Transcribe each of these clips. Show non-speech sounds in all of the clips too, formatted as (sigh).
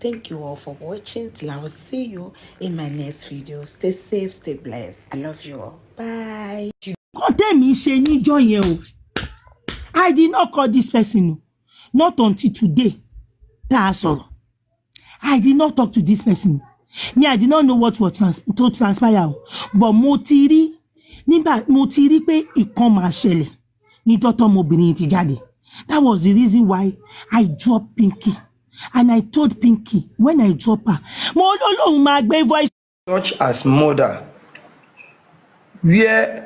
Thank you all for watching. Till I will see you in my next video. Stay safe, stay blessed. I love you all. Bye. Kọ́dẹ̀mí ṣe níjọ́ yẹn o. I did not call this person Not until today. That's all. I did not talk to this person. Me, I did not know what was trans to transpire But Motiri, ti rí nígbà mo ti rí pé ìkan máa ṣẹlẹ̀ ti jáde. That was the reason why I drop Pinky and I told Pinky when I drop her mo lọ́lọ́run máa gbé voice. such as murder where.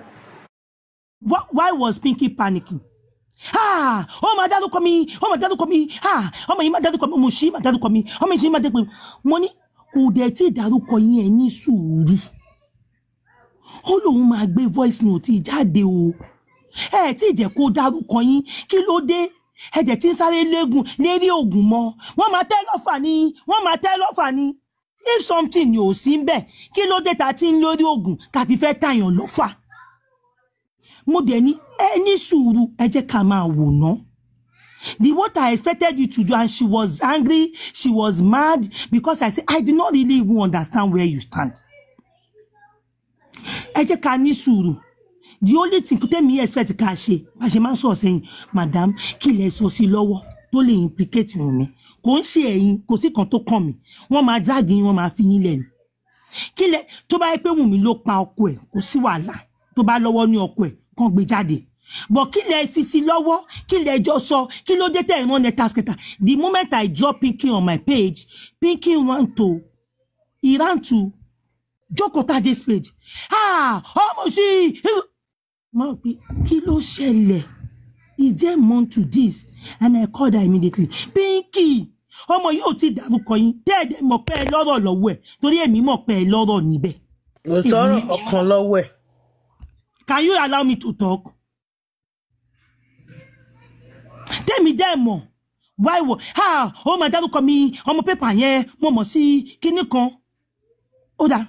Why, was Pinky panicking? Ah, oh my dad kọ mi, oh my dad kọ mi, ah, ọmọ yìí má dad kọ mi, mo ṣí má dad kọ mi, ọmọ yìí má dad kọ mi. Mo ní kò dẹ̀ tí ìdárúkọ yín ẹ̀ ní sùúrù. voice note jáde o. Ẹ tí ì jẹ́ kó dárúkọ yín, kí ló ẹ̀jẹ̀ tí ń sáré léegun lérí oògùn mọ́ wọ́n máa tẹ́ lọ́fà ni wọ́n máa tẹ́ lọ́fà ni if something ni ò sí ń kí ló dé ta ti ń lórí oògùn ta fẹ́ tàyàn lọ́fà mo dẹ̀ ní ẹ sùúrù ẹ ká máa wò ná. The water expected you to do and she was angry she was mad because I said I do not really even understand where you stand. ẹ jẹ́ ká the only thing to tẹ́mi expect ká ṣe bá ṣe máa ń sọ̀rọ̀ sẹ́yìn madam kí lẹ sọ sí lọ́wọ́ tó lè implicate mi kò ń ṣe ẹ̀yin kò sí kan tó kàn mí wọ́n máa jáàgì wọ́n máa fi yín lẹ́nu kí lẹ tó bá yẹ pé Wùnmí ló pa ọkọ ẹ̀ kò sí wàhálà tó bá lọ́wọ́ ní ọkọ ẹ̀ kàn gbé jáde but kí lẹ fi sí lọ́wọ́ kí lẹ jọ sọ kí ló dé tẹ̀ ẹ̀ rán letters kẹta the moment I drop Pinky on my page Pinky want to he ran to Joko this page ah ọmọ sí i máa wò pé kí ló ṣẹlẹ̀ is there more to this and i called her immediately Pinky ọmọ yóò ti dárúkọ yín dẹ́ẹ̀dẹ́ mọ̀ pé ẹ lọ́rọ̀ lọ́wọ́ ẹ̀ torí èmi mọ̀ pé ẹ lọ́rọ̀ níbẹ̀. kò sọ̀rọ̀ ọkàn lọ́wọ́ ẹ̀. can you allow me to talk? tẹ́mi dẹ́ mọ̀ wáì wọ̀ ha ah, ó máa dárúkọ mi ọmọ pépà yẹn mo mọ̀ sí kinní kan ó dáa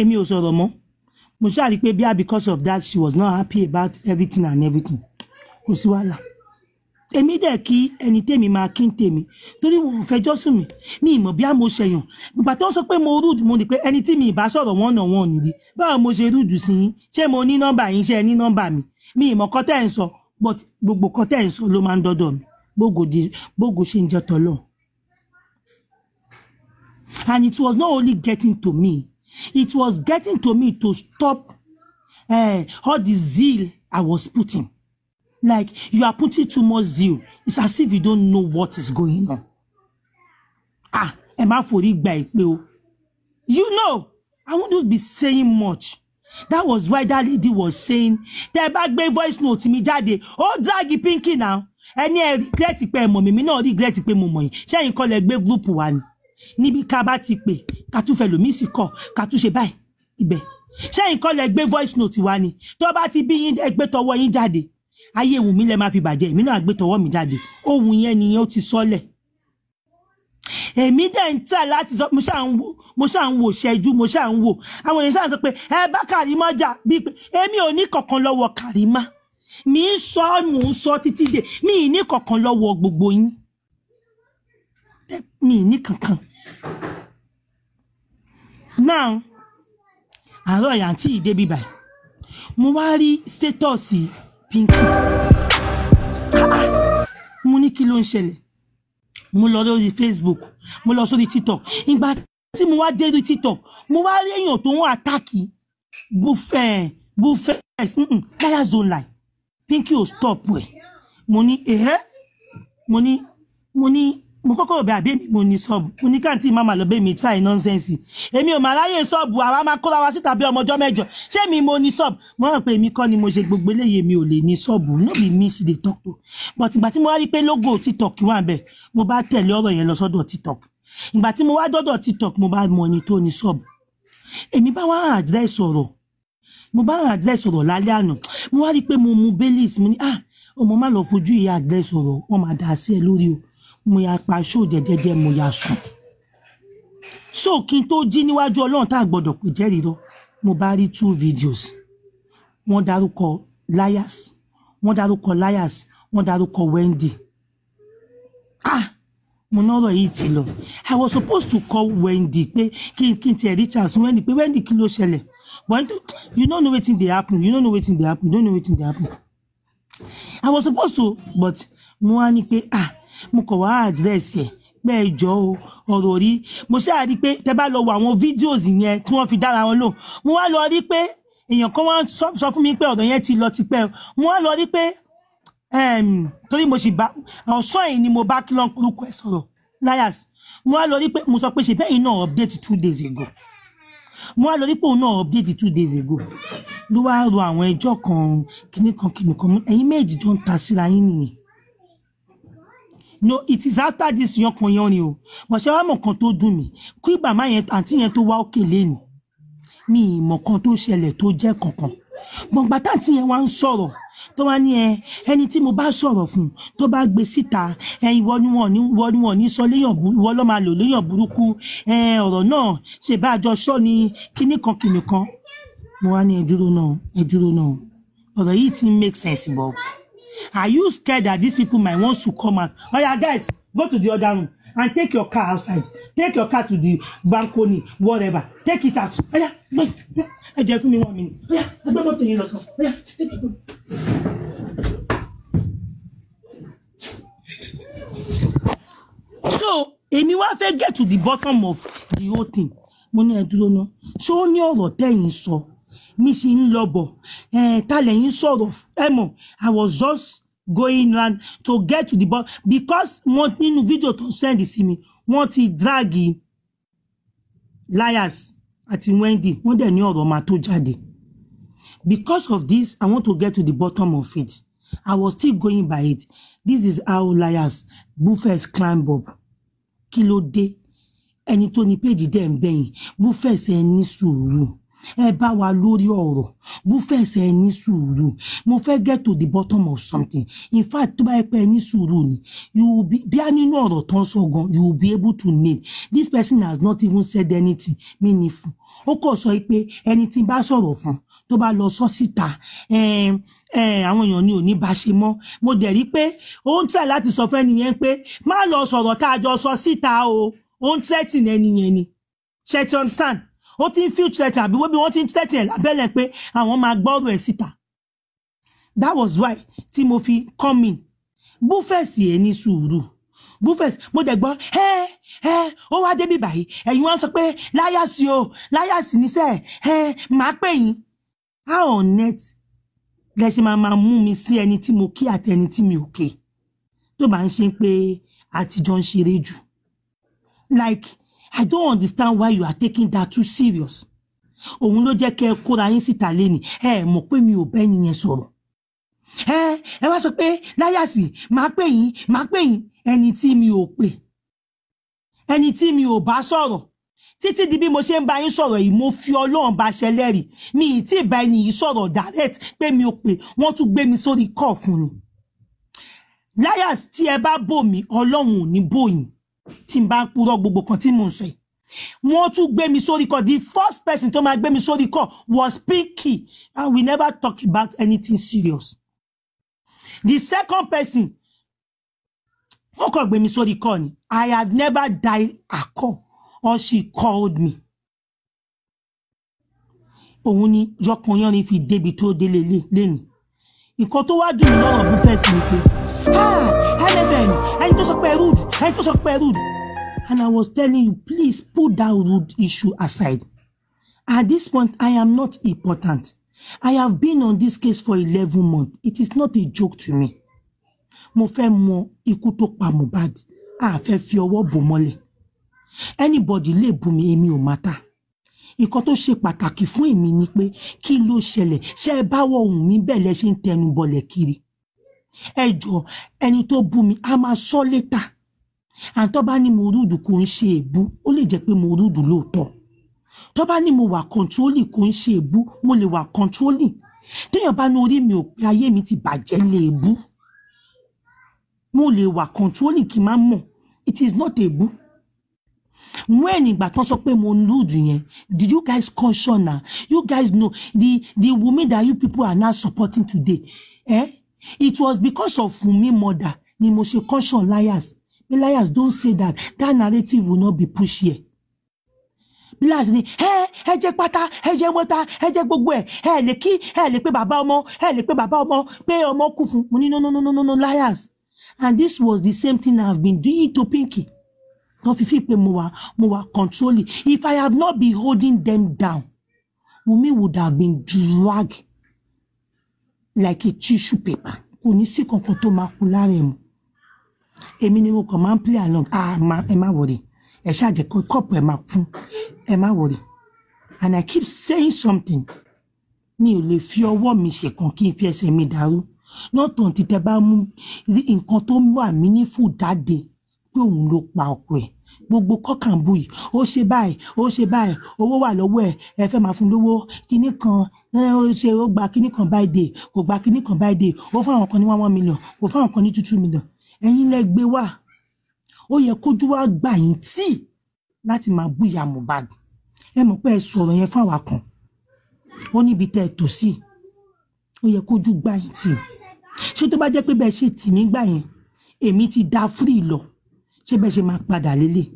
èmi ò sọ̀rọ̀ mọ́ mo ṣáà rí i pé bíi because of that she was not happy about everything and everything kò sí wàhálà èmi dẹ̀ kí ẹni tèmi máa kí n tèmi torí wọn ò fẹjọ́ sùn mí ní ìmọ̀ bí a mo ṣẹ̀yàn ìgbà tó ń sọ pé mo rúdù mo ní pé ẹni tí mi ìbá sọ̀rọ̀ wọn nà wọn nìyí báwo mo ṣe rúdù sí yín ṣé mo ní nọ́mbà yín ṣe ní nọ́mbà mi mi ìmọ̀ kọ́ ẹ̀ ń sọ but gbogbo kọ́ tẹ́ ẹ̀ ń sọ ló máa ń dọ́dọ̀ mi gbogbo ṣe ń jẹ́ tọ́lọ̀ and it was not only getting to me It was getting to me to stop uh, all the zeal I was putting. Like you are putting too much zeal. It's as if you don't know what is going on. Ah, am I for it, ìpè o. You know, I wouldn't be saying much. That was why that lady was saying, tẹ́ back, bá voice note to me, daddy. Oh, drag Pinky now. Ẹni ẹ regret pé ẹ mọ̀ mí, mi náà regret pé mo She ain't call ẹ̀yin kọ́ group one." níbi ká bá ti pè ká tún fẹ́ lòmíì sí kọ ká tún ṣe báyìí ibẹ̀ ṣé nǹkan lẹ gbé voice note wa ni tó bá ti bí yín ẹgbẹ́ tọwọ́ yín jáde ayé ìwù mi lẹ máa fi bàjẹ́ èmi náà gbé tọwọ́ mi jáde ohun yẹn nìyẹn ó ti sọ́lẹ̀ èmi dẹ̀ ń tẹ̀ láti sọ mo ṣáà ń wò mo ṣáà ń wò ṣẹ́jú mo ṣáà ń wò àwọn èèyàn ṣáà sọ pé ẹ bá Karimo jà bíi pé èmi ò ní kankan lọ́wọ́ Karimo mi ń sọ mò ń sọ títí dé mi ì ní kankan lọ́wọ́ gbogbo yín mi ì ní kankan now àárọ̀ yàǹtí ìdébí báyìí mo wá rí sítẹ́tọ̀sì Pinky mo ní kí ló ń ṣẹlẹ̀ mo lọ lórí Facebook mo lọ sórí TikTok ìgbà tí mo wá dé lórí TikTok mo wá rí èèyàn tó ń àtàkì bufẹ́ bufẹ́ láyà zone line Pinky ò stop ẹ̀ mo ní ẹ̀hẹ́ mo ní mo ní mo kọ́kọ́ rò bẹ́ẹ̀ àbí èmi mo ní ṣọ́ọ̀bù mo ní káàntì màmá lọ bẹ́ẹ̀ mi tí àì nọ́nsẹ́ǹsì èmi ò mà ráyè ṣọ́ọ̀bù àwa máa kóra wa síta bí ọmọjọ́ mẹ́jọ mi mo ní ṣọ́ọ̀bù mo rò pé èmi kọ́ ni mo ṣe gbogbo eléyìí mi ò lè ní ṣọ́ọ̀bù no be me she dey talk to but ìgbà tí mo wá rí pé logo tiktok wà bẹ́ẹ̀ mo bá tẹ̀lé ọ̀rọ̀ yẹn lọ sọ́dọ̀ tiktok ìgbà tí mo wá dọ́dọ̀ tiktok mo bá mọ ẹni tó ní ṣọ́ọ̀bù èmi bá wá àdírẹ́sì ọ̀rọ̀ mo bá àdírẹ́sì ọ̀rọ̀ lálẹ́ àná mo wá rí pé mo mu baileys mo ní ah ọmọ má lo fojú ìyá àdírẹ́sì ọ̀rọ̀ wọn máa dà sí ẹ lórí o mo yà pa ṣó jẹjẹjẹ mo yà sùn so kí n tó jí níwájú ọlọ́run tá a gbọ́dọ̀ pè jẹ́rìí lọ mo bá rí two videos wọ́n dárúkọ liars wọ́n dárúkọ liars wọ́n dárúkọ Wendy ah mo náà rọ̀ yìí ti lọ i was supposed to call Wendy pé kí n kí n tiẹ̀ reach Wendy pé Wendy kí ló ṣẹlẹ̀ but you no know wetin dey happen you no know wetin dey happen you no know wetin dey happen i was supposed to but mo wá ní pé ah mo kọ̀ wá àdírẹ́sì ẹ̀ pé ẹ jọ o ọ̀rọ̀ rí mo ṣáà rí i pé tẹ bá lọ wo àwọn fídíòs yẹn tí wọ́n fi dára wọn lò mo wá lọ rí pé èèyàn kan wá sọ fún mi pé ọ̀rọ̀ yẹn ti lọ tipẹ́ mo wá lọ rí pé ehm, torí mo sì bá ọ̀sán yìí ni mo bá kí lọ́kùnrúkọ ẹ̀ sọ̀rọ̀ liars mo wá lọ rí pé mo sọ pé ṣe bẹ́ẹ̀ iná update two days ago mo wá lọ rí pé òun náà update two days ago ló wá rọ àwọn ẹjọ́ kan kìnnìkan kìnnìkan ẹ̀yin méjì jọ ń ta síra yín nìyẹn no it is after this yankan yan ni o but ṣé wàá mọ̀ kan tó dùn mí kí bàmá yẹn àǹtí yẹn tó wá òkè lẹ́nu mi ìmọ̀ kan tó ṣẹlẹ̀ tó jẹ́ kankan gbọ̀ngbà táǹtí yẹn wá ń sọ̀rọ̀ tó wá ní ẹ ẹni tí mo bá sọ̀rọ̀ fún tó bá gbé síta ẹ ìwọ ni wọn ní ìwọ ni wọn ní sọ léyàn ìwọ ló máa lò léyàn burúkú ẹ ọ̀rọ̀ náà ṣe bá àjọ sọ ni kinní kan kinní kan mo wá ní ẹ dúró náà ẹ dúró náà ọ̀rọ̀ yìí ti ń make sense bọ̀. Are you scared that these people might want to come out? Oh yeah, guys, go to the other room and take your car outside. Take your car to the balcony, whatever. Take it out. Oh yeah, wait. Ẹ just give me one minute. Oh yeah, I'm not want to hear yourself. Oh yeah, take it out. so èmi wá fẹ́ get to the bottom of the whole thing Money I ẹ dúró ná ṣé ó ní ọ̀rọ̀ so mi sì ń lọ bọ̀ talẹ̀ yín sọ̀rọ̀ ẹ mọ̀ i was just going round to get to the bus because wọ́n nínú fídíò tó send sí mi wọ́n ti drag liars àti wendy wọ́n dẹ̀ ní ọ̀rọ̀ máa tó jáde because of this i want to get to the bottom of it i was still going by it this is how liars buffets climb up kí ló dé ẹni tó ní péjì dẹ̀ ń bẹ̀yìn buffets ẹ ní sùúrù ẹ bá wa lórí ọ̀rọ̀ bó fẹsẹ̀ ẹ ní sùúrù mo fẹ́ get to the bottom of something in fact tó bá yẹ pé ẹ ní sùúrù ni bí a nínú ọ̀rọ̀ tó ń sọ gan you will be able to name this person has not even said anything meaningful ó kọ̀ sọ pé ẹni tí n bá sọ̀rọ̀ fún tó bá lọ sọ síta àwọn èèyàn ni ò ní bá ṣe mọ́ mo dẹ̀ rí pé ó ń tẹ̀ láti sọ fẹ́ni yẹn pé má lọ sọ̀rọ̀ tá a jọ sọ síta o ó ń tẹ́tì ẹni yẹn ni ṣe ti understand ó ti ń feel threatened àbí wọ́n bí wọ́n ti ń threatened lábẹ́lẹ̀ pé àwọn máa gbọ́rọ̀ ẹ̀ that was why tí mo fi come in buffet ẹ̀ ní sùúrù buffet mo dẹ̀ gbọ́ ẹ ẹ ó wá débi báyìí ẹ̀yin wọ́n sọ pé láyàsí o láyàsí níṣẹ́ ẹ máa pè yín how on net lẹ ṣe máa máa mú mi sí ẹni tí mo ki àti ẹni mi ò To tó bá pe ati pé àtijọ́ ń like I don't understand why you are taking that too serious òun ló jẹ́ kẹ́ ẹ kóra yín síta lẹ́nì ẹ mọ̀ pé mi ò bẹ́ yín yẹn sọ̀rọ̀ ẹ ẹ wá sọ pé láyàsì máa pè yín máa pè yín ẹni tí mi ò pè ẹni tí mi ò bá sọ̀rọ̀ títí di bí mo ṣe ń bá yín sọ̀rọ̀ yìí mo fi ọlọ́run bá ṣẹlẹ́rìí mi ì tí ì bá ẹni yìí sọ̀rọ̀ direct pé mi ò pè wọ́n tún gbé mi sórí kọ́ fún láyàsì tí ẹ bá bò mí ọlọ́run ò ní bò yín tí n bá ń purọ́ gbogbo kan tí mò ń sọ yìí wọ́n tún mi sórí kọ́ the first person to máa gbé mi sórí kọ́ was Pinky and ah, we never talk about anything serious the second person ó kàn gbé mi sórí kọ́ ni I have never died a call or she called me òun ni yọkan yanrin fi débi tó délé lẹ́nu nǹkan tó wá dùn mí lọ́wọ́ bí fẹ́ẹ́ sí ni pé ah nfn tó sọ rude ẹni tó sọ rude and I was telling you please put that rude issue aside at this point I am not important I have been on this case for eleven months it is not a joke to me mo fe mo ikuto tó pa Mohbad a fe fi ọwọ́ bò mọ́lẹ̀ anybody le bú mi èmi ò mátà nǹkan tó ṣe pàtàkì fún èmi ni pé kí ló ṣẹlẹ̀ ṣe é báwọ̀ ohun mi bẹ́ẹ̀ lẹ ṣe ń tẹnu kiri ẹ jọ ẹni tó bú mi a máa sọ létà àǹtó bá ní mo rúdù kò ń ṣe èébú ó lè jẹ́ pé mo rúdù lóòótọ́ tó bá ní mo wà kọńtrólì kò ń ṣe èébú mo lè wà kọńtrólì téèyàn bá ní orí mi ò pé ayé mi ti bàjẹ́ lè èébú mo lè wà kọńtrólì kí n má mọ̀ it is not èébú when ìgbà tán sọ pé mo lùdù yẹn did you guys caution na you guys know the the women that you people are now supporting today eh? it was because of Wunmi mother, ni mo ṣe caution liars pé liars don't say that that narrative will not be pushed here bíláàs ni he ẹ jẹ pátá ẹ jẹ mọta he jẹ gbogbo ẹ ẹ lè kí ẹ pe pé bàbá ọmọ ẹ lè pé bàbá ọmọ pé ọmọ kú no no no no no no liars and this was the same thing i have been doing to Pinky No, fi fi pe mo wa controlling if i have not been holding them down Wunmi would have been dragged like a tissue paper kò ní sí kankan tó máa kú lára ẹ̀ mọ́ èmi ni mo kàn máa ń play along ah ma ẹ má wọrí ẹ ṣáà jẹ́ kọ́ọ̀pù ẹ máa kún ẹ má wọrí and I keep saying something mi ò lè fi ọwọ́ mi ṣẹ̀kan kí n fi ẹsẹ̀ mi dàrú lọ́tàn tí tẹ bá mú nǹkan tó wà mí ní fò dáde pé òun ló pa ọkọ ẹ̀ gbogbo kọkànbù yìí ó ṣe báyìí ó ṣe báyìí owó wà lọ́wọ́ ẹ̀ ẹ fẹ́ máa fún lówó kinní kan ó ṣe ó gba kinní kan by day kò gba kinní kan by day ó fún kan ní one one million kò fún àwọn kan ní two two million ẹ̀yin lẹ gbé wá ó yẹ kójú wa gbà yín tí láti máa bú ìyá Mohbad ẹ mọ̀ pé ẹ sọ̀rọ̀ yẹn fún àwa kan ó níbi tẹ́ ẹ tò sí ó yẹ kójú gbà yín tì ṣé tó bá jẹ́ pé bẹ́ẹ̀ ṣe tì nígbà yẹn èmi ti da free lọ ṣé bẹ́ẹ̀ ṣe máa padà lélẹ̀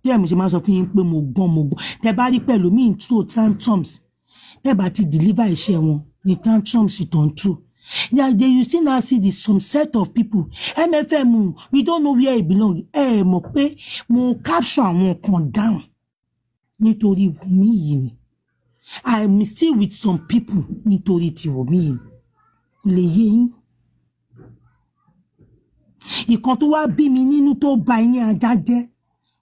tí ẹ̀mí ṣe máa sọ fún yín pé mo gbọ́n mo gbọ́n tẹ bá rí pẹ̀lú mí tó tantrums tẹ bá ti deliver iṣẹ́ wọn ní tantrums tó ń tú na they you still now see the some set of people MFM we don't know where e belong ẹ ẹ mọ̀ pé mo capture àwọn kan down nítorí Wùmí yìí ni I'm still with some people nítorí ti Wùmí yìí lè yé yín ìkan tó wá bí mi nínú tó ba ẹyin ajá jẹ́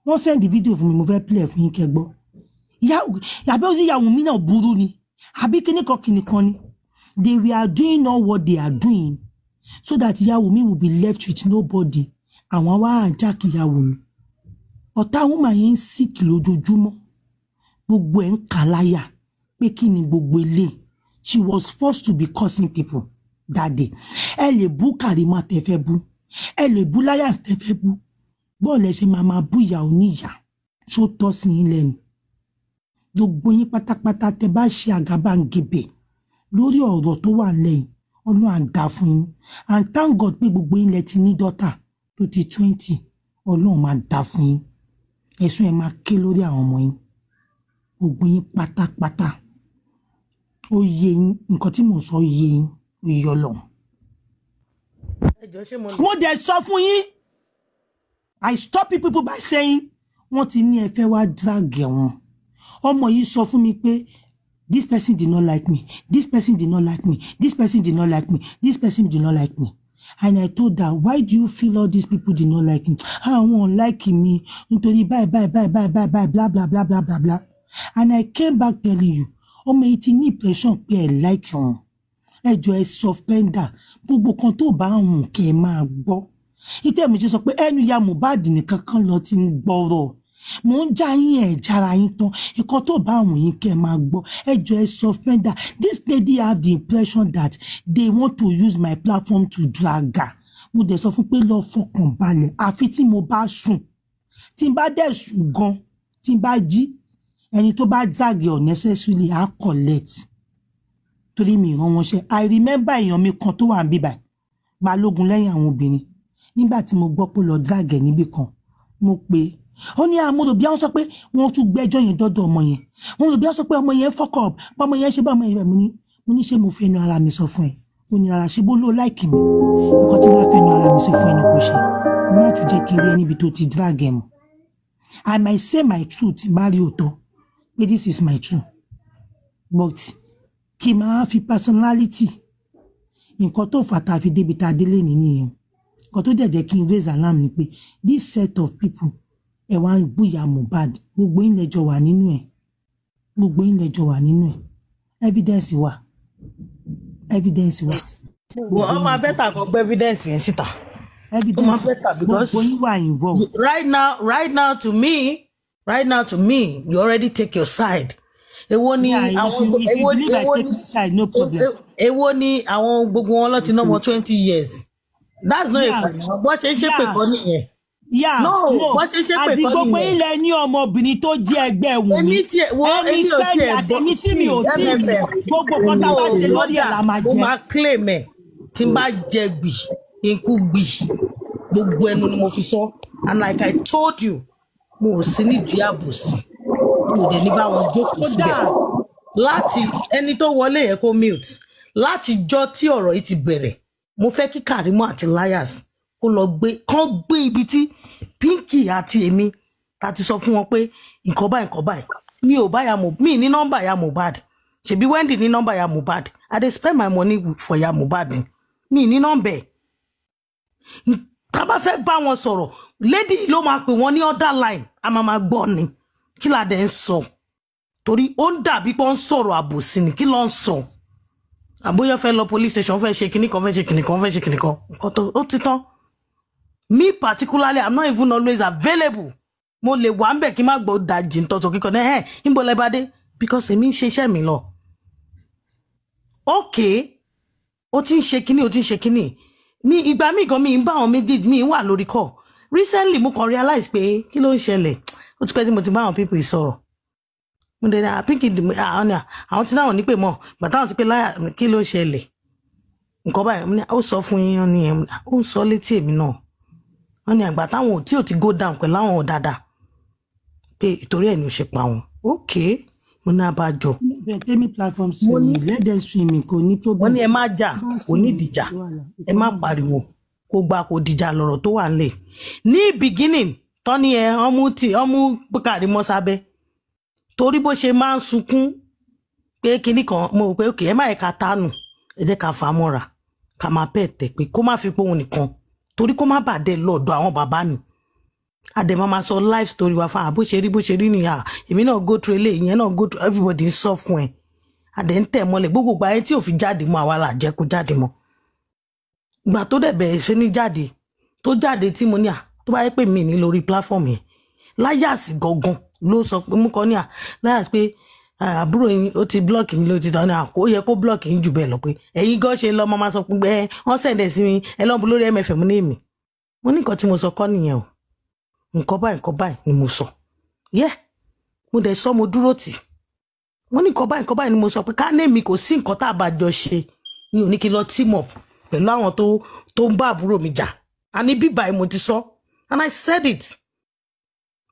wọ́n sẹ́ndì fídíò fún mi mo fẹ́ play fún yín kẹgbọ́ àbí oníyàwó mi náà burú ni àbí kíní kan kíní kan ni they are doing all what they are doing so that ìyàwó mi will be left with nobody àwọn wá ajá kìyàwó mi ọ̀tá woman yẹn ń sick lójoojúmọ́ gbogbo ẹ̀ ń kà láyà ni gbogbo eléyìí she was forced to be cursing people that day ẹ lè bú Karimo tẹ fẹ́ bú ẹ lè bú láyà tẹ́ fẹ́ bú bọ́ọ̀lù ẹ ṣe máa máa bú ìyá oníyà ṣó tọ́ sí yín lẹ́nu gbogbo yín pátápátá tẹ́ bá ṣe àgàbàǹgebè lórí ọ̀rọ̀ tó wà lẹ́yìn ọlọ́run àdá fún yín and thank God pé gbogbo yín lẹ ti ní dọ́tà tó ti twenty ọlọ́run máa dá fún yín ẹ̀sùn ẹ̀ máa ké lórí àwọn ọmọ yín gbogbo yín pátápátá ó yé yín nǹkan tí mò ń sọ yé yín ó yé ọlọ́run mo dẹ̀ sọ fún yín i stop people by saying wọ́n ti ní ẹ fẹ́ wá drag wọn ọmọ yìí sọ fún mi pé this person did not like me this person did not like me this person did not like me this person did not like me and i told her why do you feel all these people did not like me I ah, àwọn like me nítorí bye bye bye bye bye bye bla bla bla bla bla bla and i came back telling you ọmọ yìí ti ní impression pé ẹ like wọn ẹjọ́ ẹ sọ fẹ́ńdà gbogbo kan tó bá hùn kẹ́ ẹ máa gbọ́ ìtẹ́ mi ṣe sọ pé ẹnu ya Mohbad nìkan kan lọ ti ń gbọ́rọ̀ mò ń já yín ẹ̀ jára yín tán nǹkan tó bá hùn yín kẹ́ ẹ máa gbọ́ ẹjọ́ ẹ sọ this lady have the impression that they want to use my platform to drag her mo dẹ̀ sọ fún pé lọ fọkàn balẹ̀ àfi tí mo bá sùn tí n bá dẹ̀ sùn gan tí n bá jí ẹni tó bá drag unnecessarily á collect torí mi ìran wọn ṣe i remember èèyàn mi kan tó wà ń bíbà balógun lẹ́yìn àwọn obìnrin nígbà tí mo gbọ́ pé lọ drag ẹ̀ níbì kan mo pe ó ní àmúlò bí wọ́n sọ pé wọ́n tún gbẹ́jọ́ yẹn dọ́dọ̀ ọmọ yẹn wọ́n lò bí wọ́n sọ pé ọmọ yẹn fuck up pé ọmọ yẹn ṣe bá ọmọ yẹn mo ní mo ní ṣe mo fẹnu ara mi sọ fún ẹ mo ní ara ṣe bó ló láìkì mi nǹkan tí wọ́n fẹnu ara mi sọ fún ẹ ní kò ṣe má tún jẹ́ kí n rí tó ti drag ẹ̀ I might say my truth má rí òótọ́ pé this is my truth but kí máa fi personality nǹkan tó fà tá a fi débi tá a délé nìyẹn nǹkan tó dẹ̀ jẹ́ raise alarm ni pé this set of people ẹ wá ń búyà Mohbad gbogbo yín lẹ́jọ́ wà nínú ẹ̀ gbogbo yín lẹ́jọ́ wà nínú ẹ̀ evidence wà evidence wà. wọ́n á máa bẹ́tà kan gbé evidence yẹn síta. evidence gbogbo yín wà involved. right now right now to me right now to me you already take your side èwo ni àwọn èwo ni èwo ni èwo ni àwọn gbogbo wọn lọ ti ná wọn twenty years that's not yeah. a problem bó ṣe ń ṣépè kọ́ nìyẹn yà no àti gbogbo ilẹ̀ ní ọmọbìnrin tó jẹ́ ẹgbẹ́ wù mí ẹni tẹ́lẹ̀ àtẹ̀mí tí mi ò tí mi gbogbo kọ́tà bá ṣe lórí ẹ̀ la máa jẹ. mo máa claim ẹ tí n bá jẹ gbì kí n kú gbì gbogbo ẹnu ni mo fi sọ and like I told you mo ò sí nídìí àbòsí kò dẹ̀ ní bá wọn jókòó síbẹ̀ láti ẹni tó wọlé yẹn kó mute láti jọ́ tí ọ̀rọ̀ yìí ti bẹ̀rẹ̀ mo fẹ́ kí Karimo àti liars. kó lọ gbé kán gbé ibi tí Pinky àti èmi ta ti sọ fún wọn pé nǹkan báyìí nǹkan báyìí mi ò bá ya mo mi ní nọ́mbà ya Mohbad ṣebí Wendy ní nọ́mbà ya Mohbad I dey spend my money for ya Mohbad mi ní nọ́mbà ẹ̀ tá a bá fẹ́ bá wọn sọ̀rọ̀ lady ló máa pè wọ́n ní order line a máa máa gbọ́ ni kí la dẹ̀ ń sọ torí ó ń dàbí pé sọ̀rọ̀ àbòsí ni kí ló ń sọ àbóyá fẹ́ lọ police station fẹ́ ṣe kinní kan fẹ́ ṣe kinní kan fẹ́ ṣe kinní kan nǹkan tó ó ti tán me particularly i'm not even always available mo lè wà ń bẹ̀ kí n má gbọ́ dajì ntọ́tọ̀ kíkọ náà ẹ̀ ń bọ̀ lẹ́bàá because èmi ń ṣe iṣẹ́ mi lọ. okay o ti ń ṣe kinní o ti ń ṣe kinní ní ìgbà míì gan mi ń bá àwọn méjì mi wà lórí kọ recently mo kàn realize pé kí ló ń ṣẹlẹ̀ ó ti pẹ́ tí mo ti bá àwọn pípì sọ̀rọ̀ mo dẹ̀ ní àpínkì àwọn tí náà ní pè mọ́ bàtà àwọn ti pé láyà kí ló ṣẹlẹ̀ nǹkan báyìí ó sọ fún yín ni ó ń sọ létí èmi náà wọ́n àgbà táwọn tí ò ti go down pẹ̀lú àwọn ọ̀dàdà pé ìtorí ẹ̀ ni ó ṣe pa wọn ok mo ní abájọ. tẹ́mi platform streaming lẹ́dẹ̀ streaming kò ní problem. wọ́n ní ẹ má jà kò ní ìdìjà ẹ má pariwo kó gba kó dìjà lọ́rọ̀ tó wà nílẹ̀ ní beginning tán ní ẹ ọmú tì ọmú Karimo sábẹ́ torí bó ṣe máa ń sunkún pé kinní kan mo rò pé òkè ẹ má yẹ ká tánù ẹ jẹ́ ká fà á mọ́ra ká máa pẹ́ tẹ̀ pé kó má fi pohùn nìkan torí kó má bàdẹ lọ́dọ̀ àwọn bàbá ni àdèmọ́ máa sọ life story wa fún àbó ṣe rí bó ṣe rí nìyà èmi náà go through eléyìí ìyẹn náà go through everybody ń sọ fún ẹ àdè ń tẹ̀ mọ́lẹ̀ gbogbo gba ẹ tí ò fi jáde mọ́ àwa là jẹ́ kó jáde mọ́ gbà tó dẹ̀ bẹ̀rẹ̀ ṣe ní jáde tó jáde tí mo ní à tó bá yẹ pé mi ní lórí platform yẹn láyàs gangan ló sọ pé mú kọ ní à láyàs pé àbúrò yín ó ti blọọkì mi lórí títà ní àkó yẹ kó blọọkì yín jù bẹ́ẹ̀ lọ pé ẹ̀yin gan ṣe lọ máa sọ pé ẹ wọ́n sẹ̀dẹ̀ sí mi ẹ lọ́nbu lórí MFM ní èmi mo ní nǹkan tí mo sọ kọ́ nìyẹn o nǹkan báyìí nǹkan báyìí ni mo sọ yẹ mo dẹ̀ sọ mo dúró tì mo ní nǹkan báyìí nǹkan báyìí ni mo sọ pé ká ní èmi kò sí nǹkan tá a bá jọ ṣe mi ò ní kí mo ti and I said it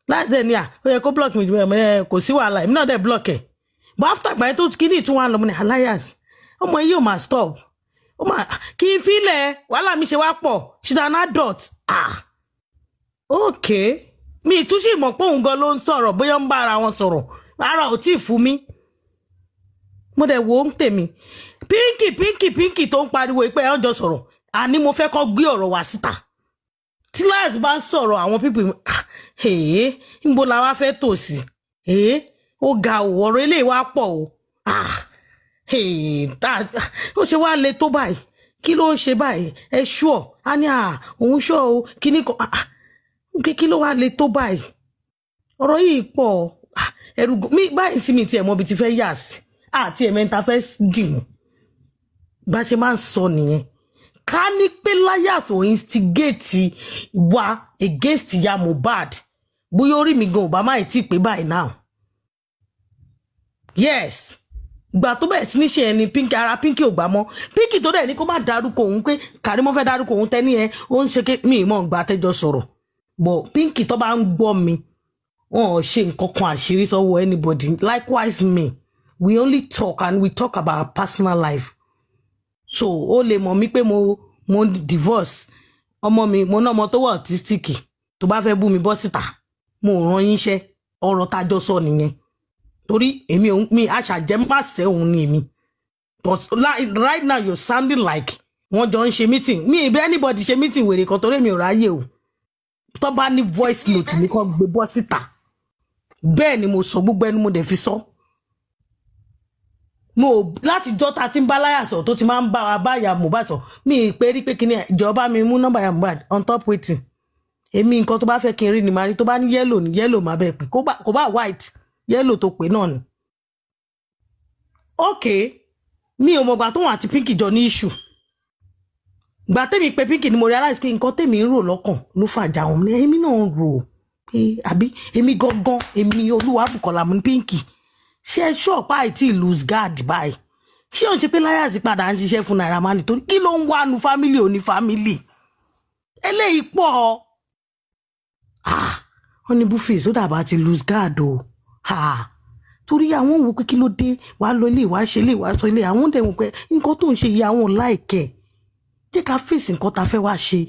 Like then, yeah. We ó yẹ kó block mi eh, eh, kò sí wàhálà èmi náà dẹ̀ block ẹ̀ but after gbàyẹn tó kí ni ìtúwọ́n àlọ́ mo ní alias ọmọ yìí ò máa stop ó máa kí n filẹ̀ wàhálà mi ṣe wá pọ̀ she's an adult ah okay mi ìtúnṣe ìmọ̀ pé òun gan ló ń sọ̀rọ̀ bóyá ń bá ara wọn sọ̀rọ̀ ara ò tí ì fún mi mo dẹ̀ wo ń tèmi pínkì pínkì pínkì tó ń pariwo pé ẹ̀ ń jọ sọ̀rọ̀ àní mo fẹ́ kọ́ gbé ọ̀rọ̀ wá síta tí Liars bá ń sọ̀rọ̀ àwọn pípì ẹ̀ẹ́ ah, eh, níbo la wá fẹ́ tò sí ẹ̀ẹ́ eh, ó ga ò ọ̀rọ̀ eléyìí wá pọ̀ o ah, eh, ó ṣe wá le tó báyìí kí ló ń ṣe báyìí ẹ ṣú ọ á ní à ah, òun ṣọ o kíní kan kí ló wá le tó báyìí ọ̀rọ̀ yìí pọ̀ ẹ̀rù mi báyìí sí mi tiẹ̀ mọ́ ibi tí fẹ́ yà sí àti ẹ̀mẹ́ta fẹ́ dì mú bá ṣe máa ń sọ nìyẹn ká ní pé láyàtò instigate wa against ya Mohbad bóyá orí mi gan ò bá máa tí ì pé báyìí náà yes gbà tó bẹ̀rẹ̀ sí ní ṣe ẹni pínkì ara pínkì ò gbà mọ́ pínkì tó dẹ̀ ní kó má darúkọ òun pé Karimo fẹ́ darúkọ òun tẹ́ ní ẹ ó ń ṣe mí mọ́ gbà tẹ́jọ sọ̀rọ̀ bọ̀ pínkì tó bá ń gbọ́ mi wọn ò ṣe nǹkan kan àṣírí sọ́wọ́ anybody likewise me we only talk and we talk about our personal life so ó lè mọ̀ mí pé mo mo divorce ọmọ mi mo náà ọmọ tó wà autistic tó bá fẹ́ bú mi bọ́ síta mo ràn yín iṣẹ́ a tájọ sọ nìyẹn torí èmi òun mi àṣàjẹmípàṣẹ òun ni èmi but right now you sounding like wọ́n jọ ń ṣe meeting mi ìbẹ́ anybody ṣe meeting wèrè kan torí mi ò ráyè o tó bá ní voice note mi kan gbé bọ́ síta bẹ́ẹ̀ ni mo sọ gbogbo ẹnu mo dẹ̀ fi sọ. So mo láti jọ́ ta ti ń bá láyà sọ tó ti máa ń bá wa bá ìyá Mohbad sọ mi ì pé rí pé kí ni ìjọba mi mú nọ́mbà ìyá Mohbad on top waiting èmi nǹkan tó bá fẹ́ kí n rí ni màá rí tó bá ní yẹ́lò ní yẹ́lò máa bẹ̀ pé kó bá white yẹ́lò tó pé náà ni. ok mi ò mọ̀gbà tóun àti Pinky jọ ní issue gbà tèmi pé Pinky ni mo realize pé nǹkan tèmi ń rò lọ́kàn ló fàjà òun ni èmi náà ń rò pé àbí èmi gangan èmi Olúwabùkọ́lá mú Pinky ṣé ẹ ṣọ́ọ̀pá àìtí lose guard by? ṣé òun ṣe pé láyà ti padà ń ṣiṣẹ́ fún Naira Marley torí kí ló ń wá nu fámílì òní fámílì eléyìí pọ̀ ah, wọn ní Blueface ó dàbá ti lose guard o ah, torí àwọn òwò pé kí ló dé wàá lọ ilé wàá ṣe ilé wàá sọ ilé àwọn òǹdẹ̀wò pé nǹkan tó ń ṣe yìí àwọn ò jẹ́ ká fèsì nǹkan tá a fẹ́ wá ṣe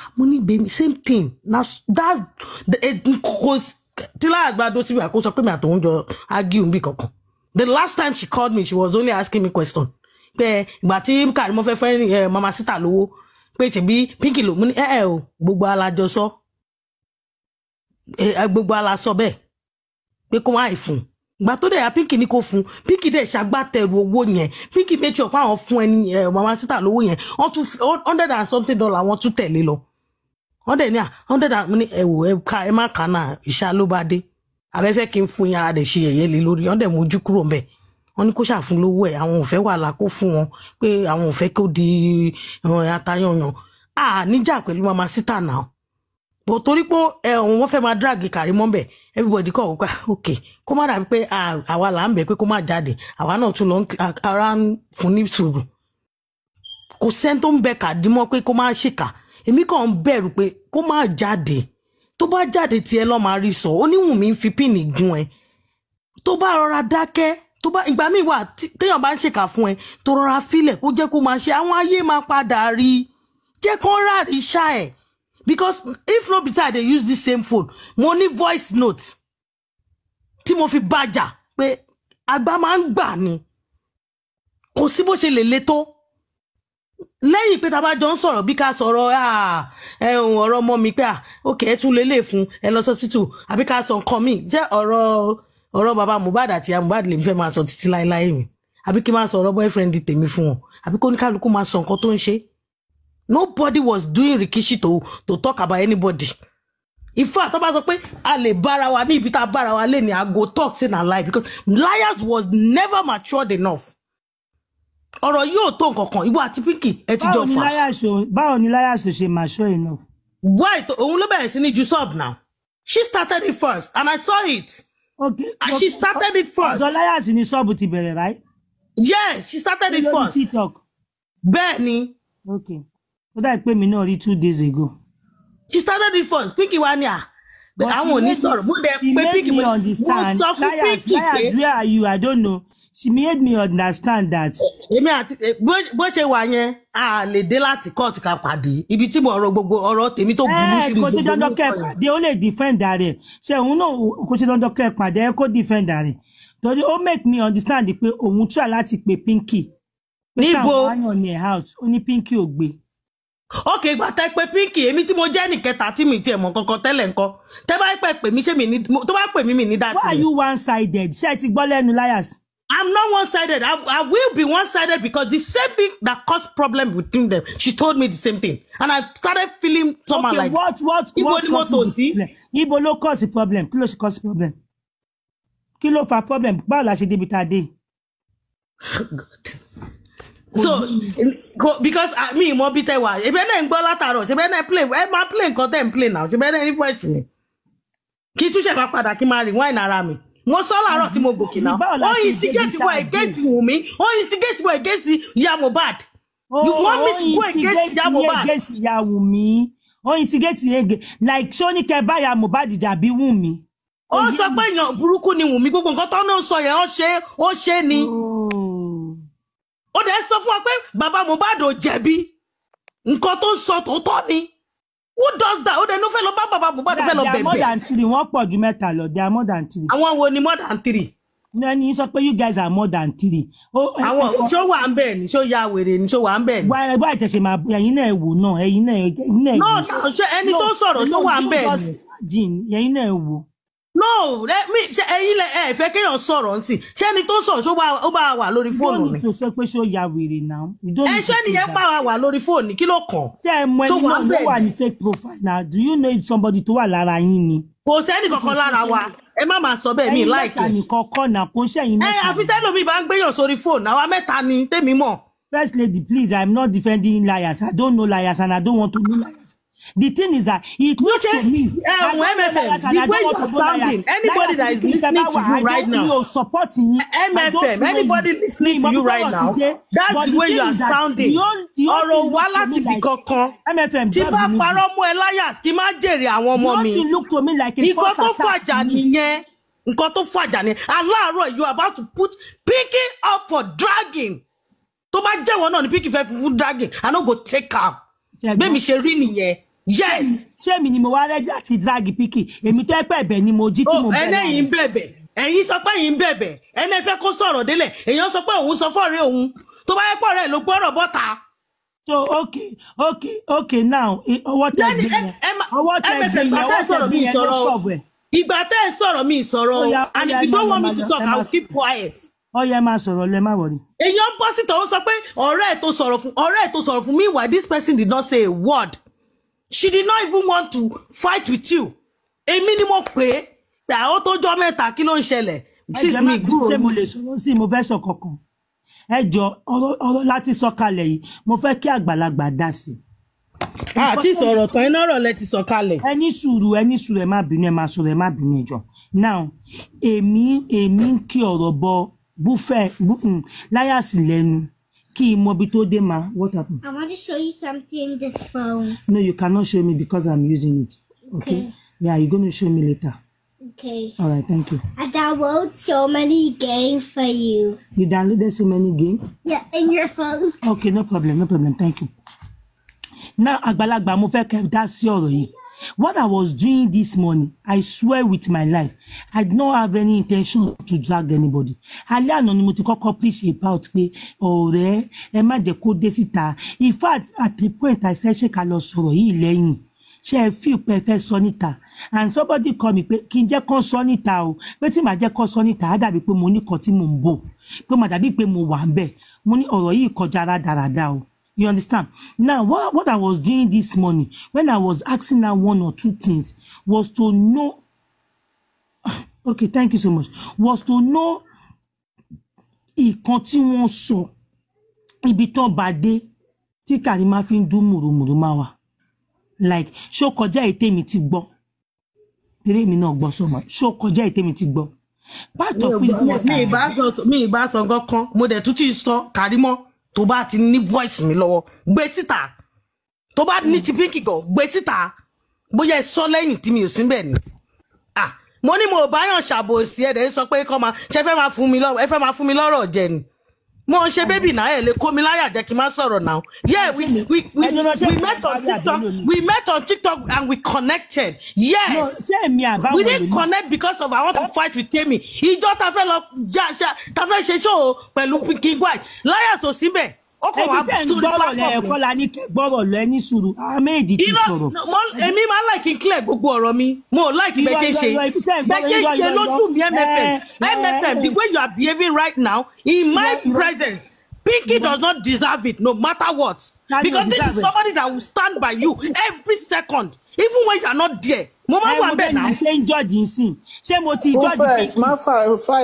ah, mo ní gbèmí same thing na that eh, kò sí tílà àgbàdo síbi àkóso pé mi àtòun jọ ágí òun bí kankan the last time she called me she was only asking me question pé ìgbà tí káàdì mo fẹ́ fẹ́ eh, mama sita lówó pé ṣèbí pinky ló mú ní ẹ eh, ẹ eh, o gbogbo alájọ sọ gbogbo ala sọ bẹ́ẹ̀ pé kó má ì fún gbà tó dẹ̀ ya pinky ní kó fún pinky dẹ̀ ṣàgbàtẹ̀rù owó yẹn pinky méjì ọ̀pá àwọn fún ẹni mama sita lówó yẹn one hundred and something dollar wọ́n tún tẹ̀lé lọ wọ́n dẹ̀ ní à wọ́n dẹ̀ dà ní ẹ̀wò ẹ má kà náà ìṣá ló bá dé abẹ́fẹ́ kí n fún yín ara ṣe yẹ̀yẹ́ lé lórí wọ́n dẹ̀ mú ojú kúrò ní kó ṣàfún lówó ẹ̀ àwọn ò wà wàhálà kó fún wọn pé àwọn ò kó di atayanyan à níjà mama torí pé máa drag Karimo mbẹ̀ everybody kọ̀ wípé ah, ok kó má dàbí pé àwa èmi kàn ń bẹ̀rù pé kó má jáde tó bá jáde tiẹ̀ lọ́ máa rí sọ ó ní Wùnmí ń fi píìnì gun ẹ tó bá rọra dákẹ́ tó bá ìgbà míì wà téèyàn bá ń ṣèkà fún ẹ tó rọra filẹ̀ kó jẹ́ kó máa ṣe àwọn ayé máa padà rí jẹ́ kó ráàrí ṣá ẹ̀ because if not be say i dey use this same phone mo ní voice note tí mo fi bàjà pé àgbà máa ń gbà ni kò sí bó ṣe lè le tó lẹ́yìn pé tàbá jọ ń sọ̀rọ̀ bí ká sọ̀rọ̀ ẹ̀hún ọ̀rọ̀ ọmọ mi pé òkè ẹ tún lélẹ̀ fún ẹ lọ sọ́sítù àbí ká sọ nǹkan míì jẹ́ ọ̀rọ̀ ọ̀rọ̀ bàbá Mohbad àti Mohbad lèmi fẹ́ máa sọ títí láéláé mi àbí kí n máa sọ ọ̀rọ̀ boyfriend tèmi fún wọn àbí kó ní máa sọ nǹkan tó ń ṣe nobody was doing rikishi to to talk about anybody in fact tó bá sọ pé a lè bára wa ní ibi tá a bára wa lé ní i go talk say na lie because liars was never matured enough ọ̀rọ̀ yóò tó nǹkankan ìwọ àti Pinky ẹ ti jọ fà. báwo ni láyàṣọ ṣe máa ṣọ́ iná. why òun ló bẹ̀rẹ̀ sí ní ju sub now she started it first and I saw it. okay and she started it first. ọ̀dọ̀ láyàṣọ ni sub ti bẹ̀rẹ̀ right. yes she started it first. lórí TikTok. bẹ́ẹ̀ ni. okay ó dà pé mi náà rí two days ago. she started it first Pinky wa ni à àwọn ò ní sọ̀rọ̀ bó dẹ̀ pé Pinky mo sọ fún Pinky pé. láyàṣọ where are you I don't know she made me understand that. èmi àti eh, bó ṣe wà yẹn a lè dé láti court ká pàdé ibi tí mo ọ̀rọ̀ gbogbo ọ̀rọ̀ tèmi tó burú sí mi gbogbo lóko yẹn. ẹ kò ṣe dandan kẹ pàdé ó lè defend rẹ ṣe òun náà kò ṣe dandan kẹ pàdé ẹ kó defend rẹ torí ó make me understand pé òun try láti pe Pinky. níbo pé káwọn wáyàn ní ẹ house ó ní Pinky ò gbé. ok ìgbà tá ẹ pé Pinky èmi tí mo jẹ́ nìkẹta tí mi tiẹ̀ mọ̀ kankan tẹ́lẹ̀ nǹkan tẹ́ bá pẹ̀ pè mí ṣé mi ní tó bá pè mí mi ní dá tiẹ̀. why are you one sided ṣé ẹ ti gbọ́ lẹ́nu liars. I'm not one-sided. I, I will be one-sided because the same thing that caused problem within them. She told me the same thing, and I started feeling somehow okay, like. what what what caused the problem? Ibo ló cause the problem? Kí ló ṣe cause problem? Kí for fa problem? Báwo la did débi tá a God. so because I mean mo bi tẹ wa ṣebí ẹnẹ ń gbọ́ látàárọ̀ ṣebí ẹnẹ play Where my play nǹkan them ń play now ṣebí ẹnẹ ní voice mi kí túṣe bá padà kí n máa rewind ara mi mo sọ láàárọ̀ tí mo gòkè náà ó instigate wọ against Wunmi ó instigate wọ against ìyá Mohbad you oh, want me oh, to go against ìyá Mohbad. ó instigate against ìyá Wunmi oh, ó instigate like sọ́nìkẹ́ báyà Mohbad jàbí Wunmi. ó sọ pé èèyàn burúkú ni Wunmi gbogbo nǹkan tó náà sọ yẹn ó ṣe ó ṣe ni ó dẹ̀ sọ fún wa pé bàbá Mohbad ò jẹ̀bi nǹkan tó ń sọ tòótọ́ ni who does that Oh, dẹ̀ ló fellow, lọ bá bàbá Mohbad ló fẹ́ lọ more than three One pọ̀ ju mẹ́ta lọ they are more than three. àwọn wo ni more than three. no. You pé you guys are more than three. Oh, I want. Show one Ben. Show Yahweh. Show one Ben. Why, why? ó wà ń bẹ̀ you know who? No, máa bu ẹ̀yin náà wò náà ẹ̀yin náà ẹ̀yin náà. náà ṣe ẹni tó sọ̀rọ̀ tó wà ń no let me. ẹyin lẹ ẹ fẹ́ kéèyàn sọ̀rọ̀ ntì ṣẹni tó sọ ṣó ó bá wà lórí fóònù mi. ìdóni tó sọ pé ṣó ya wèrè náà. ẹ ṣé nìyẹn bá wa wà lórí fóònù kí ló kàn. tẹ ẹ mọ ẹni náà ló wà ní fake profile na do you know somebody tó wà lára yín ni. kò sẹ́ni kankan lára wa ẹ má máa sọ bẹ́ẹ̀ mi láìpẹ́. ẹyin mẹ́ta nìkan kọ́ nà kó ṣẹ̀yìn mẹ́ta. ẹ àfi tẹ́lómi bá ń gbéyàn sórí fóònù àwa mẹ́ta ni tèmi mọ̀. first lady please i'm not defending liars i don't know liars and i don't want to know The thing is that it looks okay. to me. Uh, um, MFM, the way you are sounding, anybody that is listening to you right now, you support MFM, anybody listening to you right now, that's the way you are sounding. Ọ̀rọ̀ wá láti bì kankan. Tí bá parọ́ mú ẹ láyà, kí má jèrè àwọn ọmọ mi. Nǹkan tó fàjà nìyẹn. Nǹkan tó fàjà nìyẹn. Aláàárọ̀ you are about to put picking up for dragging. To ba bá jẹ́wọ́ náà ni picking fẹ́ fún dragging, I no go take am. Gbé mi ṣe rí nìyẹn yes ṣé mi ni mo wá rẹ́jà àti dragi piki èmi tó ẹ bẹ̀bẹ̀ ni mo jí tí mo oh, bẹ̀rẹ̀ ẹlẹ́yìn bẹ̀bẹ̀ ẹ̀yin sọ pé ẹ̀yin bẹ̀bẹ̀ ẹni ẹ fẹ́ kó sọ̀rọ̀ délẹ̀ èèyàn sọ pé òun sọ fọ́ọ̀rẹ́ òun tó bá yẹ pọ̀ rẹ̀ ló gbọ́rọ̀ bọ́ta. so okay okay okay now ọwọ́ tẹ gbé yẹn ọwọ́ tẹ gbé yẹn ọwọ́ tẹ gbé yẹn ló sọ̀rọ̀ ẹ̀. ìgbà tẹ́ ẹ sọ̀rọ̀ mi sọ̀rọ̀ o and if you don't want me to talk I will keep quiet ọyẹ ẹ máa sọ̀rọ̀ lẹ má wọrí. èèyàn bọ́ síta ó sọ pé ọ̀rẹ́ ẹ̀ tó sọ̀rọ̀ fún ọ̀rẹ́ ẹ̀ tó sọ̀rọ̀ fún meanwhile this person did not say a word she did not even want to fight with you èmi ni mo pè é pé jo tó jọ mẹ́ta kí ló ń ṣẹlẹ̀ sísè mi gbúrò. ṣé mo lè sọ̀rọ̀ sí mo fẹ́ sọ kankan ẹ jọ ọ̀rọ̀ láti sọ kalẹ̀ yìí mo fẹ́ kí àgbàlagbà dá sí i. àti sọ̀rọ̀ tán iná ọ̀rọ̀ ti sọ kalẹ̀. ẹ ní sùúrù ẹ ní sùúrù ẹ má bínú ẹ má sọ̀rọ̀ ẹ má bínú ẹ jọ now èmi èmi ń kí ọ̀rọ̀ bọ búfẹ́ mm, kí n mọ ibi ma what happened. I want to show you something this phone. No, you cannot show me because I'm using it. Okay. okay. Yeah, you're gonna show me later. Okay. All right, thank you. I downloaded so many games for you. You downloaded so many games? Yeah, in your phone. Okay, no problem, no problem, thank you. Now, àgbàlagbà mo fẹ́ kẹ́ dá sí ọ̀rọ̀ yìí. What I was doing this morning, I swear with my life, I did not have any intention to drag anybody. Alẹ́ àná ni mo ti kọ́kọ́ preach about pé ọ̀rẹ́ ẹ má jẹ́ kó dé síta. In fact, at a point I said ṣé ká lọ sọ̀rọ̀ yìí lẹ́yìn. Ṣé ẹ fi pé fẹ́ sọ níta? And somebody call me pé kí n jẹ́ kán sọ níta o. Pé tí màá jẹ́ kán sọ níta, á dàbí pé mo ní kan tí mò ń bò. Pé màá dàbí pé mo wà ń bẹ̀. Mo ní ọ̀rọ̀ yìí kọjá rádaràda o. You understand? Now, what, what I was doing this morning, when I was asking her one or two things, was to know. (sighs) Okay, thank you so much. Was to know ìkan tí wọ́n sọ ibi tán bá dé tí Karima fi ń dún mùrùmùrù máa wà like ṣó kọjá ètè mi ti gbọ́ eré mi náà gbọ́ sọmọ ṣó kọjá ètè mi ti gbọ́. pàtó fún ìgbà mi ìbá sọ mi ìbá sọ gán kan mo dẹ̀ tún ti sọ Karimo tó bá ti ní voice mi lọ́wọ́ gbé síta tó bá ní ti pínkì gan gbé síta bóyá ẹ sọ lẹ́yìn tí mi ò síbẹ̀ ni mo ní mo bá yàn ṣàbòsí ẹ̀dẹ̀ ń sọ pé kọ́ máa ṣe fẹ́ máa fún mi lọ́rọ̀ jẹ ni mo ṣe bébì náà ẹ lè kó mi láyà jẹ́ kí n má sọ̀rọ̀ náà yeah we we we, we, met on TikTok we met on TikTok and we connected yes we didn't connect because of I want to fight with Temi. ìjọ ta fẹ́ lọ ja ta fẹ́ ṣe ṣó pẹ̀lú King White láyà sọ síbẹ̀ ọkọ wa sórí platform ẹ̀kọ́ la ní kẹ́ gbọ́rọ̀ lọ ẹni sùúrù ahmed ti sọ̀rọ̀. èmi máa ń láìkí clear gbogbo ọ̀rọ̀ mi mo ò láìkí bẹ́ẹ̀ ṣe bẹ́ẹ̀ ṣe ṣe lójú mi mfm mfm the way you are behaving right now in my presence Pinky does not deserve it no matter what because this is somebody that will stand by you every second even when you are not there mo máa wà bẹ́ẹ̀ náà. ṣé ń jọ́ọ̀jì ń sìn ṣé mo ti jọ́ọ̀jì pinky. ó fẹ́ fa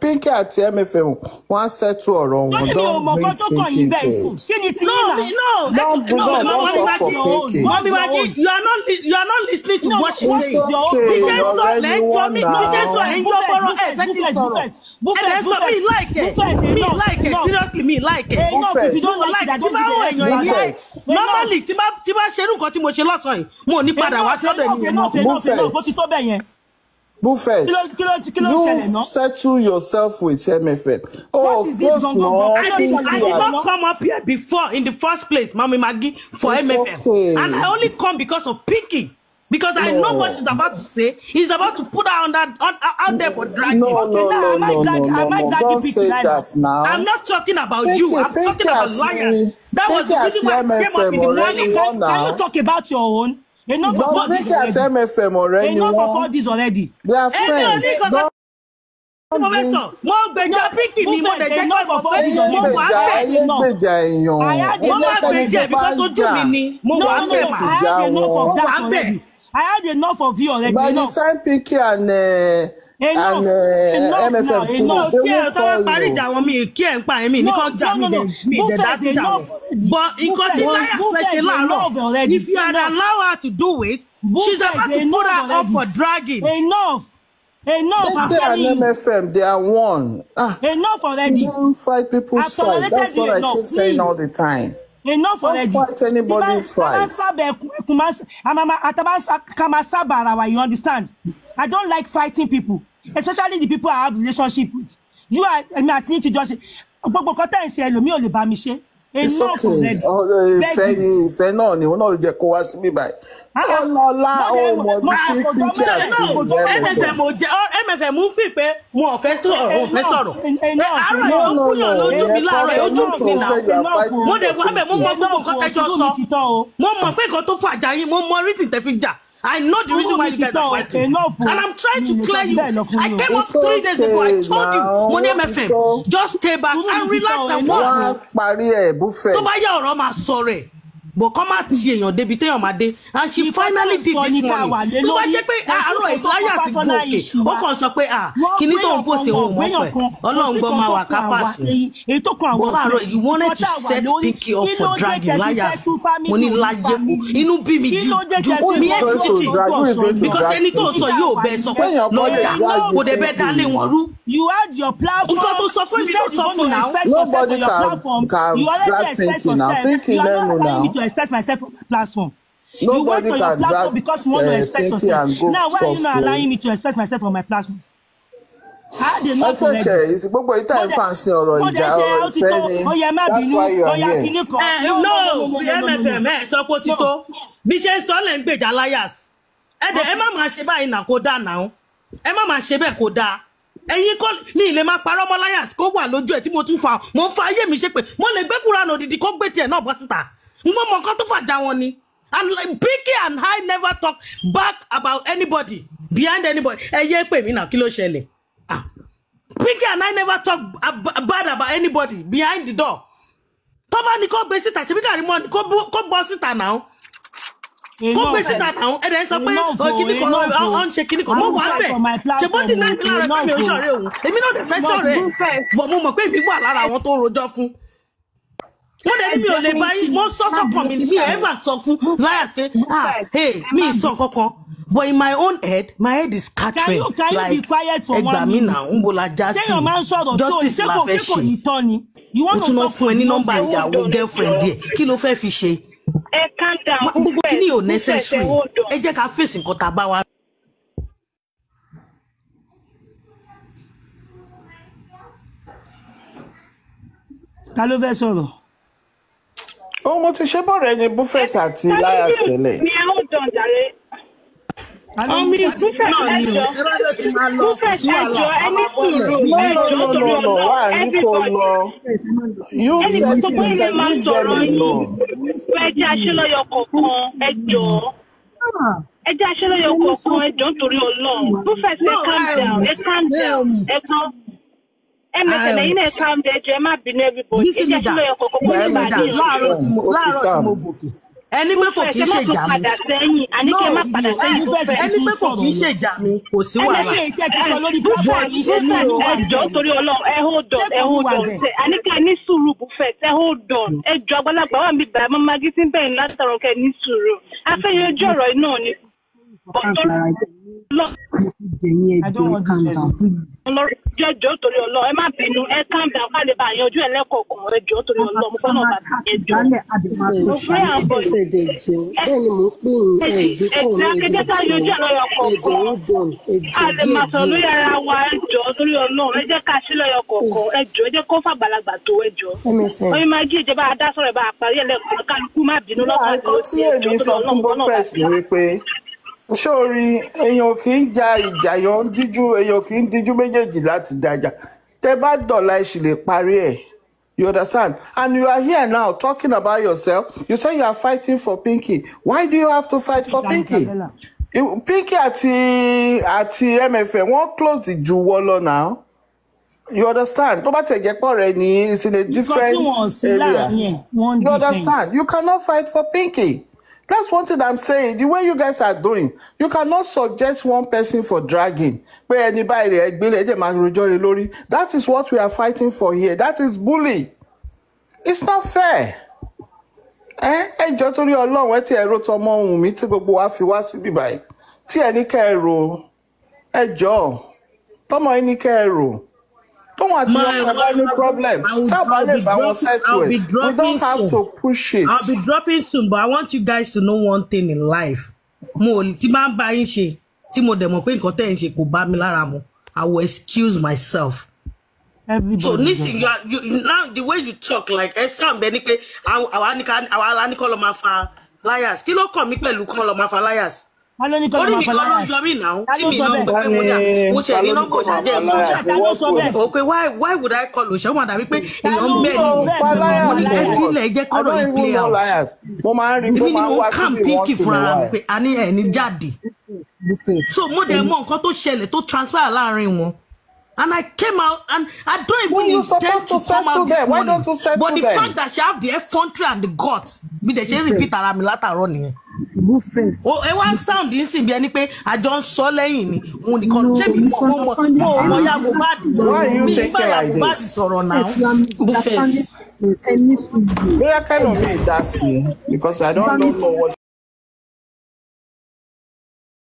pinky àti mfm wọ́n á ṣètò ọ̀rọ̀ wọn don bring pinky to it. kí ni ti yín náà. no no don't do that don't talk for pinky. mọ̀mí wa kí you are not you are not listening to what she say. bí ṣe ń sọ ẹ̀ ń jọ mí bí ṣe ń sọ ẹ̀ ń jọ bọ́rọ̀ ẹ̀ fẹ́ kí n sọ̀rọ̀. ẹ̀ lẹ́ sọ mi like it mi like it seriously mi like it. buffet tí bá wọ èèyàn yìí normally tí bá ṣerú nǹkan tí mo ṣe lọ́sàn-án yìí mo ò ní padà wá sọ́dọ̀ ènìyàn náà ṣẹlẹ̀ náà you settle yourself with MFN. Oh, what is it, Gongo? No, I did, not come up here before in the first place, Mami Maggie, for it's MFN. Okay. And I only come because of Pinky. Because I know what she's about to say. He's about to put her on that on, out there for dragging. No, okay, no, no, no, no, Don't say that now. I'm not talking about you. I'm talking about liars. That was the reason why I came up in the morning. Can, can you talk about your own? enough of all this already enough of all this already. Enough they are friends don professor mo gbèjà piki ni mo dẹjẹ pé mo fọ ìṣòro mo wà á fẹ iná mo máa gbèjà because ojú mi ni mo wà á fẹ mà i had enough of that already i had enough of you already. by the time piki and. Uh, enough and, uh, enough MSF now enough kí ẹ tọ́wọ́ parí ìjà wọn mi kí ẹ ń pa èmi nìkan jà mí dẹ̀ mí dẹ̀ dá sí ìjà wọn. but nǹkan tí láyà fẹ́ ṣe láàárọ̀ if you had allow her to do it she's about to put her up for dragging. enough enough i'm telling you. MFM, they are one. Ah, enough already. don't fight people's fight that's what enough, i keep saying please. all the time. enough already. don't fight anybody's fight. àtàbà sábà ara wa you understand i don't like fighting people especially the people I have relationship with you are èmi àti yín ti jọ ṣe gbogbo kan tẹ̀ ń ṣe ẹlòmíì ò lè bá mi ṣe enough already. Oh, eh, ìfẹ́ ni ìfẹ́ náà ni òun náà ló jẹ́ kó wá síbí báyìí. Ah, ah. ọlọ́lá ọmọ mi ti píkì àti ìyẹn mo sọ. Oh, mfm ń fi pé mo ò fẹ́ sọ̀rọ̀ ò fẹ́ sọ̀rọ̀. Eh, àárọ̀ yóò kúyàn lójú mi láàárọ̀ ojú mi nà mo dẹ̀ wá bẹ̀ mo mọ gbogbo nǹkan tẹ́jọ́ sọ mo mọ̀ pé nǹkan tó fàjà yín mo mọ rítì tẹ́ fi jà. I know the reason why you guys are fighting. and I'm trying to clear you. I came up three days ago. I told you, Monem FM, just stay back and relax and work. Tó bá yá ọ̀rọ̀ máa sọ bọ̀ kọ́ máa ti èèyàn débi téèyàn máa dé and she finally did this morning tó bá jẹ́ pé àárọ̀ ìláyà ti gun òkè ó kàn sọ pé kíní tó ń pòsè òun mọ̀ pẹ̀ ọlọ́run gbọ́ máa wà kápásì bọ̀ láàárọ̀ you wanted to set Pinky up for dragging láyàsì mo ní láyé kù inú bí mi ju ju omi ẹ̀ ti títì because ẹni tó sọ yóò bẹ sọ pé lọ́jà kò dẹ̀ bẹ́ dálé wọn rú nǹkan tó sọ fún mi ló sọ fún náà. nobody can can drag Pinky now Pinky lẹ́nu now expect myself platform. Nobody you went on your platform because you want uh, to eh, expect yourself. Now why are you not allowing me to expect myself on my platform? ọtọkẹ gbogbo ìta ẹ fà ń sin ọ̀rọ̀ ìjà ọ̀rọ̀ ìfẹ́ ni that's why you are here. ẹ eh, no mfm no, sọ pé ó ti tó bí ṣe ń sọ lẹ́ ń gbèjà liars ẹ dẹ̀ ẹ má máa ṣe báyìí nà kó dáa nà ó ẹ má máa ṣe bẹ́ẹ̀ kó dáa ẹ̀yin kọ́ ni ilé máa parọ́ mọ́ liars kó wà lójú ẹ̀ tí mo tún fà mo ń fa ayé mi ṣe pé mo lè gbé no, òdìdí kó gbé tiẹ̀ náà bọ́ síta mo mọ nǹkan tó fàjà wọn ni and like Bikky and I never talk back about anybody behind anybody ẹ yé pè mí náà kí ló ṣẹlẹ̀ ah Pinky and I never talk bad about anybody behind the door tó bá ní kó gbé síta ṣe bí kàrí mọ́ ni kó bọ́ síta náà kó gbé síta náà ẹ dẹ̀ sọ pé kíní kan ọ̀n ṣe kíní kan mo wà bẹ̀ ṣe bó dín náà mi lára pé mi ò ṣọ̀rẹ́ òun èmi náà dẹ̀ fẹ́ ṣọ̀rẹ́ bọ̀ mo mọ̀ pé èmi wà lára àwọn tó ń fún wọ́n lè ní mi ò lè bá yín wọ́n sọ sọ́kàn mi mi ẹ̀ bá sọ fún liars pé ah hey mi ì sọ kankan but in my own head my head is scattering like ẹgbà mi nà ń bo la já sí justice la fẹ́ ṣe o tún lọ fún ẹ ní nọ́mbà ìyàwó girlfriend ẹ kí ló fẹ́ fi ṣe gbogbo kí ni yóò necessary ẹ jẹ́ ká fèsì nǹkan tá a bá wa. ta ló fẹ́ sọ̀rọ̀ ó oh, mo ti ṣe bọ̀rẹ̀ ni buffet àti Elias tẹ́lẹ̀. mi ẹ ó dàn jàre. omi náà ni o ẹ bá fẹ́ kí n máa lọ sí wàhálà alábọ̀rẹ̀ mi ní lọ lọ lọ lọ wà ní kò lọ yóò ṣe ṣe ṣe ní ìjẹun lọ. ẹ jẹ́ aṣọ́lọ́yọ kọ̀ọ̀kan ẹ jọ ẹ jẹ́ aṣọ́lọ́yọ kọ̀ọ̀kan ẹ jọ nítorí Ọlọ́run buffet ẹ calm down ẹ calm down ẹ gbọ́n ẹnìkan ẹ̀yin náà ká ń bẹ ẹjọ́ ẹ má bínú everybody ẹ jẹ́ sílẹ̀ ọkọ̀ kókó ní ìbàdí láàárọ̀ tí mo gòkè. ẹni pé kò kì í ṣèjà mi ẹni pé kò kì í ṣèjà mi kò sí wàhálà. ẹni pé kò lórí bàbá yìí ṣe ní o. ẹjọ torí Ọlọ́run ẹ hold on ẹ hold on àníkà ní sùúrù buffet ẹ hold on ẹjọ àgbàlagbà wà mí bàá mọ magi tí ń bẹ̀rẹ̀ látàrọ̀ kẹ ní sùúrù afẹ́yẹjọ́ ọ̀rọ̀ náà ni Ọlọ́run jẹ́jọ́ torí ọlọ́run ẹ má bínú ẹ calm down ká lè bá yanjú ẹ ọlọ́run mo fọ́nà bàbá ẹjọ́. Mo fẹ́ àbọ̀ ìṣèdèjì bẹ́ẹ̀ ni mo ń pè yín ní ẹ̀ẹ́dì kò ní ní ẹ̀ẹ́dì kò ní ní. A lè máa sọ lórí ara wa ẹjọ́ ọlọ́run ẹ jẹ́ ká sí lọ́yọ̀ kọ̀ọ̀kan ẹjọ́ ẹ jẹ́ tó ẹjọ́. Oyin máa jí ìjọba adásọ̀rọ̀ ẹ̀ bá a sórí èèyàn kì í ja ìjà yọ ń díjú èèyàn kì í díjú méjèèjì láti dájà tẹ́ bá dọ̀la ẹ sì lè parí ẹ̀ you understand and you are here now talking about yourself you say you are fighting for Pinky why do you have to fight for Pinky Pinky àti àti MFM wọ́n close the ju lọ now you understand tó bá tẹ̀ jẹ́ pọ̀ rẹ ní it's in a different area you understand you cannot fight for Pinky. That's one thing I'm saying. The way you guys are doing, you cannot suggest one person for dragging. Where anybody báyìí ẹgbẹ́lẹ̀ ẹ̀jẹ̀ máa rojọ́ lé lórí. That is what we are fighting for here. That is bully. It's not fair. Eh? ẹ just torí Ọlọ́run ẹ ti ẹ̀rọ tọmọ ohun mi tí gbogbo wa fi wá síbí báyìí. Tí ẹni kẹ́ ẹ rò ẹ jọ tọmọ ẹni kẹ́ ẹ rò tóun àti ọkọ ní problem tábà lè bá wọn settle it we don't have to push it. I'll be dropping soon but I want you guys to know one thing in life mo ti máa ń bá yín ṣe tí mo dẹ̀ mọ̀ pé nǹkan tẹ̀ ń ṣe kò bá mi lára mu I will excuse myself. Everybody so nisin you, are, you now the way you talk like ẹsẹ àmì ẹni pé àwa aláníkọ́ ló máa fa liars kí ló kàn mí pẹ̀lú kàn ló máa fa liars wọn mi kọ́ ló ń yọ mí náà tí mi náà pé mo dà mo ṣe ní nọ́mbà ṣàdé ẹ̀sùn ṣàdé ẹ̀sùn òkè why why would I call òṣèlú wọn dàbí pé èèyàn ń bẹ́ẹ̀ ni mo ní ẹ sílẹ̀ jẹ́ kọ́rọ̀ yìí play out èmi ni mo kàn pínkì fúnra pé a ní ẹ̀ jáde so mo dẹ̀ mọ nǹkan tó ṣẹlẹ̀ tó transfer láàrin wọn and I came out and I don't even well, intend to, to come out this there? morning. don't you but the them? fact that she have the effrontery and the guts bí de ṣe repeat ara mi running. nìyẹn. o Oh, wá sound didn't seem be any pay. I don't sọ lẹ́yìn ni òun nìkan jẹ́ mi mọ̀ mo mọ̀ mo mọ̀ ya Mohbad mi ìgbà ya Mohbad sọ̀rọ̀ náà Blueface. because I don't know what.